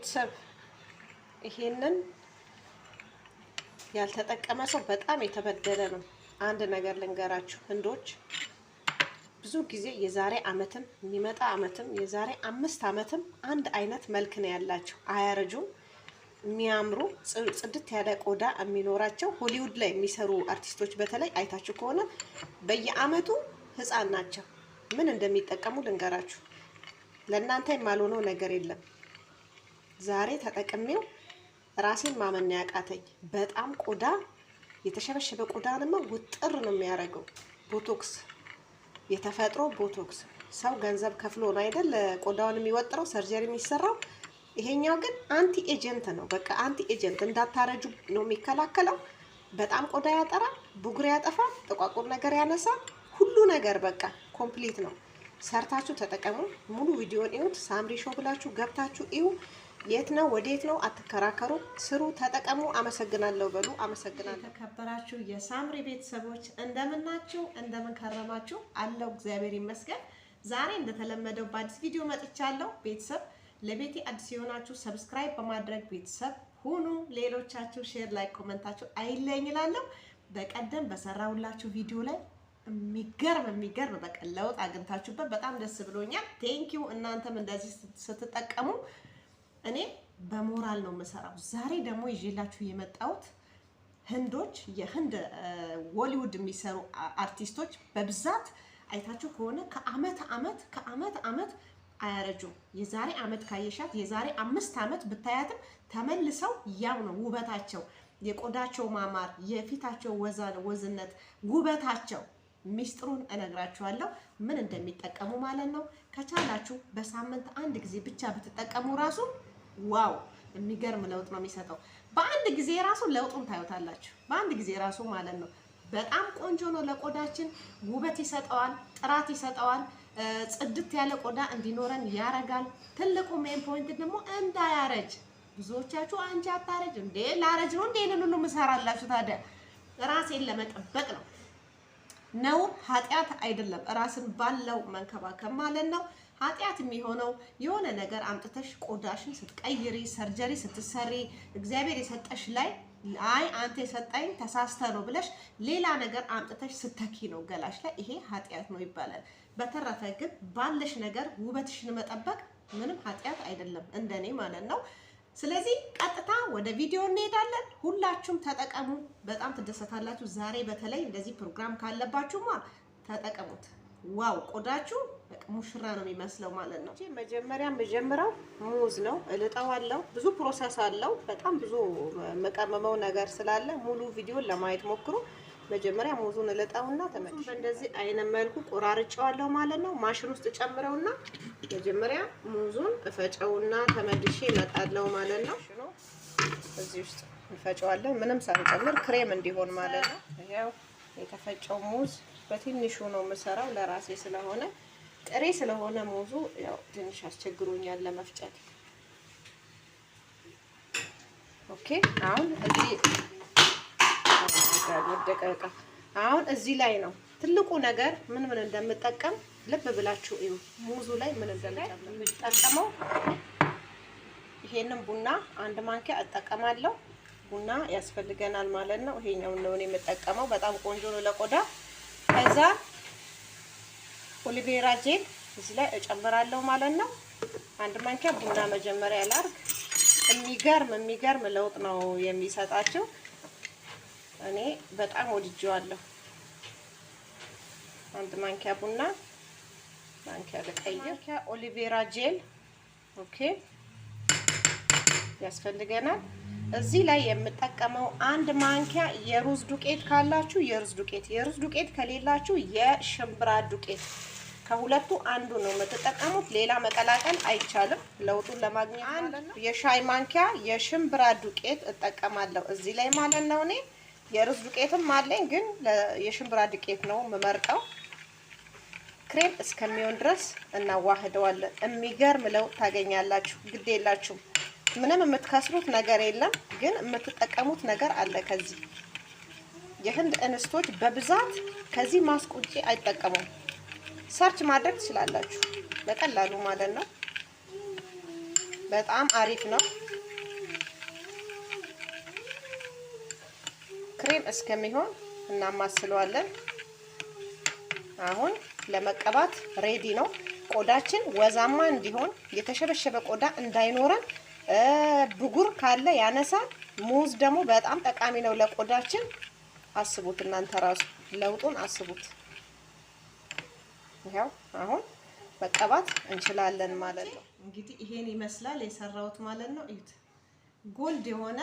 ቤተሰብ ይሄንን ያልተጠቀመ ሰው በጣም የተበደለ ነው። አንድ ነገር ልንገራችሁ ህንዶች ብዙ ጊዜ የዛሬ አመትም የሚመጣ አመትም የዛሬ አምስት አመትም አንድ አይነት መልክ ነው ያላቸው። አያረጁም፣ የሚያምሩ ጽድት ያለ ቆዳ የሚኖራቸው ሆሊውድ ላይ የሚሰሩ አርቲስቶች በተለይ አይታችሁ ከሆነ በየአመቱ ህፃን ናቸው። ምን እንደሚጠቀሙ ልንገራችሁ። ለእናንተ የማልሆነው ነገር የለም። ዛሬ ተጠቅሜው ራሴን ማመን ያቃተኝ። በጣም ቆዳ የተሸበሸበ ቆዳንማ ውጥር ነው የሚያደርገው። ቦቶክስ፣ የተፈጥሮ ቦቶክስ። ሰው ገንዘብ ከፍሎ ነው አይደል ቆዳውን የሚወጥረው ሰርጀሪ የሚሰራው። ይሄኛው ግን አንቲ ኤጀንት ነው። በቃ አንቲ ኤጀንት እንዳታረጁ ነው የሚከላከለው። በጣም ቆዳ ያጠራል፣ ብጉር ያጠፋል፣ ጥቋቁር ነገር ያነሳል። ሁሉ ነገር በቃ ኮምፕሊት ነው። ሰርታችሁ ተጠቀሙ። ሙሉ ቪዲዮን እዩት። ሳምሪ ሾ ብላችሁ ገብታችሁ እዩ። የት ነው ወዴት ነው አትከራከሩ፣ ስሩ፣ ተጠቀሙ። አመሰግናለሁ በሉ። አመሰግናለሁ። የተከበራችሁ የሳምሪ ቤተሰቦች እንደምናችሁ፣ እንደምንከረማችሁ አለው። እግዚአብሔር ይመስገን። ዛሬ እንደተለመደው በአዲስ ቪዲዮ መጥቻለሁ። ቤተሰብ ለቤቴ አዲስ የሆናችሁ ሰብስክራይብ በማድረግ ቤተሰብ ሁኑ። ሌሎቻችሁ ሼር ላይ ኮመንታችሁ አይለኝ ይላለሁ በቀደም በሰራሁላችሁ ቪዲዮ ላይ የሚገርም የሚገርም በቃ ለውጥ አግኝታችሁበት በጣም ደስ ብሎኛል። ቴንኪዩ እናንተም እንደዚህ ስትጠቀሙ እኔ በሞራል ነው የምሰራው። ዛሬ ደግሞ ይዤላችሁ የመጣሁት ህንዶች የህንድ ወሊውድ የሚሰሩ አርቲስቶች በብዛት አይታችሁ ከሆነ ከአመት አመት ከአመት አመት አያረጁም። የዛሬ አመት ካየሻት የዛሬ አምስት አመት ብታያትም ተመልሰው ያው ነው ውበታቸው፣ የቆዳቸው ማማር፣ የፊታቸው ወዝነት፣ ውበታቸው ሚስጥሩን እነግራችኋለሁ፣ ምን እንደሚጠቀሙ ማለት ነው። ከቻላችሁ በሳምንት አንድ ጊዜ ብቻ ብትጠቀሙ ራሱ ዋው የሚገርም ለውጥ ነው የሚሰጠው። በአንድ ጊዜ ራሱ ለውጡን ታዩታላችሁ። በአንድ ጊዜ ራሱ ማለት ነው። በጣም ቆንጆ ነው። ለቆዳችን ውበት ይሰጠዋል፣ ጥራት ይሰጠዋል። ጽድት ያለ ቆዳ እንዲኖረን ያረጋል። ትልቁ ሜን ፖይንት ደግሞ እንዳያረጅ። ብዙዎቻችሁ አንቺ አታረጅ እንዴ? ላረጅ ነው እንዴ? ይህንን ሁሉ ምሰራላችሁ? ታዲያ ራሴን ለመጠበቅ ነው። ነውር ኃጢአት አይደለም። ራስን ባለው መንከባከብ ማለት ነው። ኃጢአት የሚሆነው የሆነ ነገር አምጥተሽ ቆዳሽን ስትቀይሪ፣ ሰርጀሪ ስትሰሪ እግዚአብሔር የሰጠሽ ላይ አይ አንተ የሰጠኝ ተሳስተ ነው ብለሽ ሌላ ነገር አምጥተሽ ስተኪ ነው ገላሽ ላይ ይሄ ኃጢአት ነው ይባላል። በተረፈ ግን ባለሽ ነገር ውበትሽን መጠበቅ ምንም ኃጢአት አይደለም፣ እንደኔ ማለት ነው። ስለዚህ ቀጥታ ወደ ቪዲዮ እንሄዳለን። ሁላችሁም ተጠቀሙ፣ በጣም ትደሰታላችሁ። ዛሬ በተለይ እንደዚህ ፕሮግራም ካለባችሁማ ተጠቀሙት። ዋው ቆዳችሁ ሙሽራ ነው የሚመስለው ማለት ነው። መጀመሪያ የምጀምረው ሙዝ ነው እልጠዋለሁ። ብዙ ፕሮሰስ አለው። በጣም ብዙ መቀመመው ነገር ስላለ ሙሉ ቪዲዮን ለማየት ሞክሩ። መጀመሪያ ሙዙን እልጠውና ተመልሼ በእንደዚህ አይነት መልኩ ቆራርጬዋለሁ ማለት ነው። ማሽን ውስጥ ጨምረውና መጀመሪያ ሙዙን እፈጨውና ተመልሼ እመጣለሁ ማለት ነው። እዚህ ውስጥ እንፈጨዋለን ምንም ሳንጨምር ክሬም እንዲሆን ማለት ነው። ያው የተፈጨው ሙዝ በትንሹ ነው የምሰራው ለራሴ ስለሆነ ጥሬ ስለሆነ ሙዙ ያው ትንሽ አስቸግሮኛል ለመፍጨት። ኦኬ አሁን እዚህ አሁን እዚህ ላይ ነው ትልቁ ነገር ምን ምን እንደምጠቀም ልብ ብላችሁ እዩ። ሙዙ ላይ ምን እንደምጠቀመው ይሄንን ቡና አንድ ማንኪያ እጠቀማለሁ። ቡና ያስፈልገናል ማለት ነው። ይሄኛው ነው እኔ የምጠቀመው። በጣም ቆንጆ ነው ለቆዳ ከዛ የአሎቬራ ጄል እዚህ ላይ እጨምራለሁ ማለት ነው። አንድ ማንኪያ ቡና መጀመሪያ ላርግ። የሚገርም የሚገርም ለውጥ ነው የሚሰጣቸው። እኔ በጣም ወድጄዋለሁ። አንድ ማንኪያ ቡና ማንኪያ ልቀይር። ማንኪያ ኦሊቬራ ጄል ኦኬ ያስፈልገናል። እዚህ ላይ የምጠቀመው አንድ ማንኪያ የሩዝ ዱቄት ካላችሁ የሩዝ ዱቄት፣ የሩዝ ዱቄት ከሌላችሁ የሽምብራ ዱቄት ከሁለቱ አንዱ ነው የምትጠቀሙት። ሌላ መቀላቀል አይቻልም። ለውጡን ለማግኘት ነው የሻይ ማንኪያ የሽምብራ ዱቄት እጠቀማለሁ እዚህ ላይ ማለት ነው። እኔ የሩዝ ዱቄትም አለኝ፣ ግን የሽምብራ ዱቄት ነው የምመርጠው። ክሬም እስከሚሆን ድረስ እናዋህደዋለን። የሚገርም ለውጥ ታገኛላችሁ። ግድ የላችሁም። ምንም የምትከስሩት ነገር የለም፣ ግን የምትጠቀሙት ነገር አለ ከዚህ የህንድ እንስቶች በብዛት ከዚህ ማስቆጪ አይጠቀሙም። ሰርች ማድረግ ትችላላችሁ በቀላሉ ማለት ነው። በጣም አሪፍ ነው። ክሬም እስከሚሆን እናማስለዋለን። አሁን ለመቀባት ሬዲ ነው። ቆዳችን ወዛማ እንዲሆን የተሸበሸበ ቆዳ እንዳይኖረን፣ ብጉር ካለ ያነሳል። ሙዝ ደግሞ በጣም ጠቃሚ ነው ለቆዳችን። አስቡት እናንተ ራሱ ለውጡን አስቡት። ይኸው አሁን መቀባት እንችላለን ማለት ነው። እንግዲህ ይሄን ይመስላል የሰራሁት ማለት ነው። እዩት፣ ጎልድ የሆነ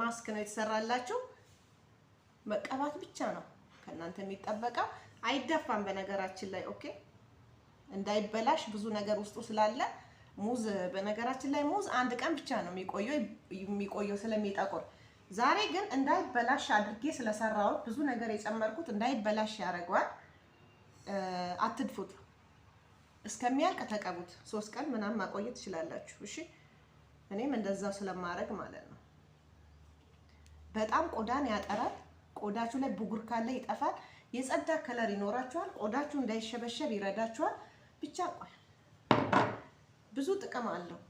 ማስክ ነው የተሰራላችሁ። መቀባት ብቻ ነው ከእናንተ የሚጠበቀው። አይደፋም በነገራችን ላይ ኦኬ፣ እንዳይበላሽ ብዙ ነገር ውስጡ ስላለ ሙዝ፣ በነገራችን ላይ ሙዝ አንድ ቀን ብቻ ነው የሚቆየው የሚቆየው ስለሚጠቁር። ዛሬ ግን እንዳይበላሽ አድርጌ ስለሰራሁት ብዙ ነገር የጨመርኩት እንዳይበላሽ ያደርገዋል። አትድፉት። እስከሚያልቅ ተቀቡት። ሶስት ቀን ምናምን ማቆየት ትችላላችሁ። እሺ እኔም እንደዛው ስለማድረግ ማለት ነው። በጣም ቆዳን ያጠራል። ቆዳችሁ ላይ ብጉር ካለ ይጠፋል። የጸዳ ከለር ይኖራችኋል። ቆዳችሁ እንዳይሸበሸብ ይረዳችኋል። ብቻ ቆይ ብዙ ጥቅም አለው።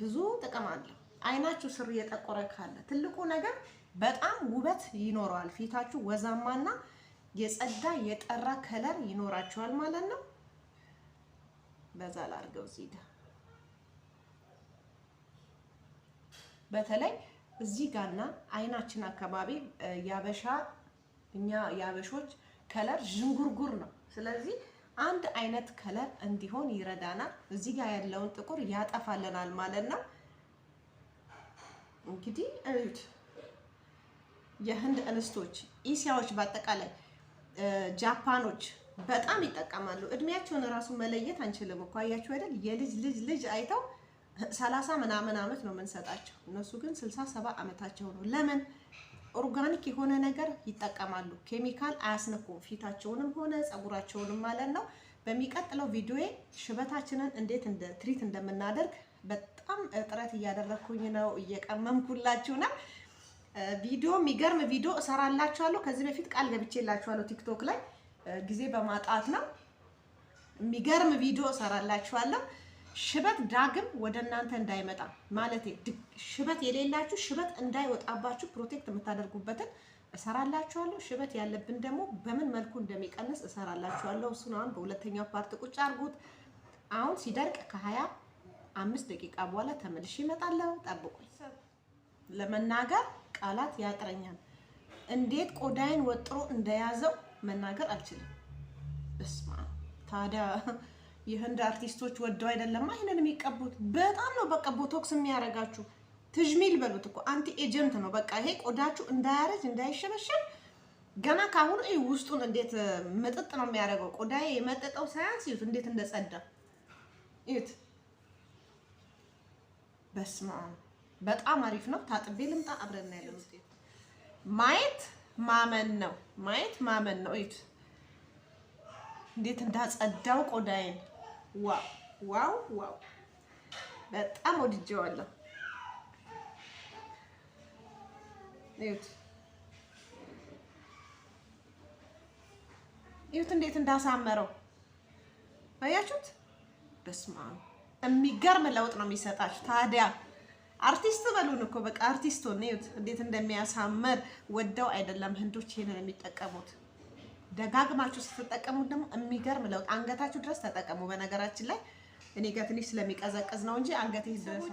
ብዙ ጥቅም አለው። አይናችሁ ስር እየጠቆረ ካለ ትልቁ ነገር በጣም ውበት ይኖረዋል። ፊታችሁ ወዛማና የጸዳ የጠራ ከለር ይኖራቸዋል ማለት ነው። በዛ ላርገው እዚህ በተለይ እዚህ ጋርና አይናችን አካባቢ ያበሻ እኛ ያበሾች ከለር ዥንጉርጉር ነው። ስለዚህ አንድ አይነት ከለር እንዲሆን ይረዳናል። እዚህ ጋር ያለውን ጥቁር ያጠፋልናል ማለት ነው። እንግዲህ እዩት የህንድ እንስቶች ኢሲያዎች በአጠቃላይ ጃፓኖች በጣም ይጠቀማሉ። እድሜያቸውን እራሱ መለየት አንችልም እኮ አያችሁ አይደል? የልጅ ልጅ ልጅ አይተው ሰላሳ ምናምን አመት ነው የምንሰጣቸው። እነሱ ግን ስልሳ ሰባ አመታቸው ነው። ለምን ኦርጋኒክ የሆነ ነገር ይጠቀማሉ። ኬሚካል አያስነኩም፣ ፊታቸውንም ሆነ ፀጉራቸውንም ማለት ነው። በሚቀጥለው ቪዲዮ ሽበታችንን እንዴት እንደ ትሪት እንደምናደርግ በጣም ጥረት እያደረግኩኝ ነው፣ እየቀመምኩላችሁ ነው። ቪዲዮ የሚገርም ቪዲዮ እሰራላችኋለሁ። ከዚህ በፊት ቃል ገብቼላችኋለሁ ቲክቶክ ላይ ጊዜ በማጣት ነው። የሚገርም ቪዲዮ እሰራላችኋለሁ። ሽበት ዳግም ወደ እናንተ እንዳይመጣ ማለት ሽበት የሌላችሁ ሽበት እንዳይወጣባችሁ ፕሮቴክት የምታደርጉበትን እሰራላችኋለሁ። ሽበት ያለብን ደግሞ በምን መልኩ እንደሚቀንስ እሰራላችኋለሁ። እሱን አሁን በሁለተኛው ፓርት ቁጭ አድርጉት። አሁን ሲደርቅ ከሀያ አምስት ደቂቃ በኋላ ተመልሼ እመጣለሁ። ጠብቁኝ ለመናገር ቃላት ያጥረኛል። እንዴት ቆዳዬን ወጥሮ እንደያዘው መናገር አልችልም። እስማ ታዲያ የህንድ አርቲስቶች ወደው አይደለም ይሄንን የሚቀቡት። በጣም ነው በቃ ቦቶክስ የሚያደርጋችሁ ትዥሚል በሉት እኮ አንቲ ኤጀንት ነው። በቃ ይሄ ቆዳችሁ እንዳያረጅ እንዳይሸበሸብ ገና ካሁኑ ይሄ ውስጡን እንዴት መጠጥ ነው የሚያደርገው። ቆዳዬ የመጠጠው ሳያንስ ይሁት እንዴት እንደጸዳ ይሁት። በስመ አብ በጣም አሪፍ ነው። ታጥቤ ልምጣ። አብረን ያለው። ማየት ማመን ነው። ማየት ማመን ነው። እዩት እንዴት እንዳጸዳው ቆዳዬን። ዋው ዋው ዋው! በጣም ወድጄዋለሁ። እዩት እዩት እንዴት እንዳሳመረው አያችሁት? በስመ አብ! የሚገርም ለውጥ ነው የሚሰጣችሁ ታዲያ አርቲስት በሉን እኮ በቃ አርቲስት ሆነ። ይኸውት እንዴት እንደሚያሳምር ወደው አይደለም ህንዶች ይሄንን የሚጠቀሙት። ደጋግማችሁ ስትጠቀሙት ደግሞ የሚገርም ለውጥ አንገታችሁ ድረስ ተጠቀሙ። በነገራችን ላይ እኔ ጋር ትንሽ ስለሚቀዘቅዝ ነው እንጂ አንገቴ ድረስ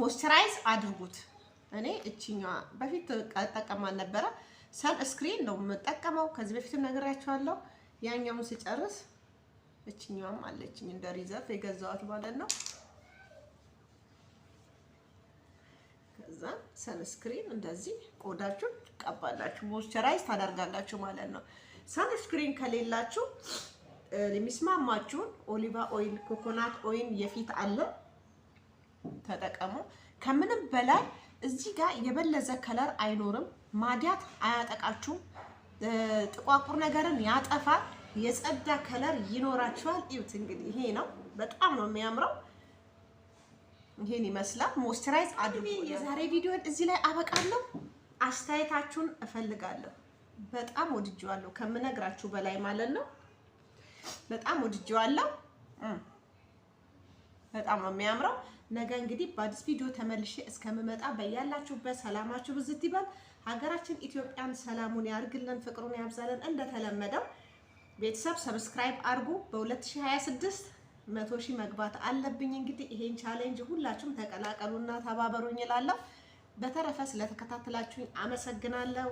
ሞይስቸራይዝ አድርጉት። እኔ እችኛዋ በፊት ጠቀማ ነበረ። ሰን ስክሪን ነው የምጠቀመው። ከዚህ በፊትም ነግሬያቸዋለሁ። ያኛውን ስጨርስ እችኛዋም አለችኝ እንደ ሪዘርቭ የገዛኋት ማለት ነው። ከዛ ሰንስክሪን እንደዚህ ቆዳችሁ ቀባላችሁ ሞይስቸራይዝ ታደርጋላችሁ ማለት ነው። ሰንስክሪን ከሌላችሁ የሚስማማችሁን ኦሊቫ ኦይል፣ ኮኮናት ኦይል የፊት አለ ተጠቀሙ። ከምንም በላይ እዚህ ጋር የበለዘ ከለር አይኖርም። ማዲያት አያጠቃችሁም። ጥቋቁር ነገርን ያጠፋል። የጸዳ ከለር ይኖራችኋል። እዩት እንግዲህ ይሄ ነው። በጣም ነው የሚያምረው። ይሄን ይመስላል። ሞስቸራይዝ አድርጉ። የዛሬ ቪዲዮን እዚህ ላይ አበቃለሁ። አስተያየታችሁን እፈልጋለሁ። በጣም ወድጄዋለሁ ከምነግራችሁ በላይ ማለት ነው። በጣም ወድጄዋለሁ። በጣም ነው የሚያምረው። ነገ እንግዲህ በአዲስ ቪዲዮ ተመልሼ እስከምመጣ በያላችሁበት ሰላማችሁ ብዝት ይበል። ሀገራችን ኢትዮጵያን ሰላሙን ያርግልን፣ ፍቅሩን ያብዛልን። እንደተለመደው ቤተሰብ ሰብስክራይብ አድርጉ በ2026 መቶ ሺህ መግባት አለብኝ። እንግዲህ ይሄን ቻሌንጅ ሁላችሁም ተቀላቀሉና ተባበሩኝ እላለሁ። በተረፈ ስለተከታተላችሁኝ አመሰግናለሁ።